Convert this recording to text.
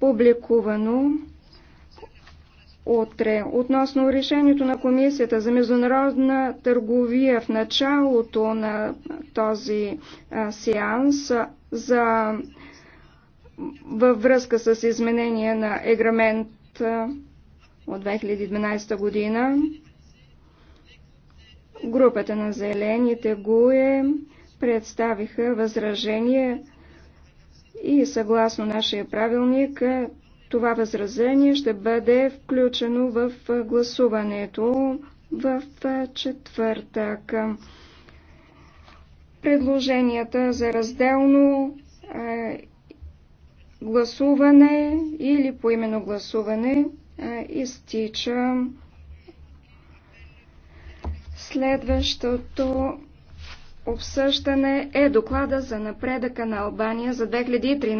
публикувано утре. Относно решението на Комисията за международна търговия в началото на този сеанс за във връзка с изменение на еграмент от 2012 година, групата на зелените ГУЕ представиха възражение и съгласно нашия правилник, е, това възразение ще бъде включено в е, гласуването в е, четвъртък. Предложенията за разделно гласуване или именно гласуване изтича следващото обсъждане е доклада за напредъка на Албания за 2013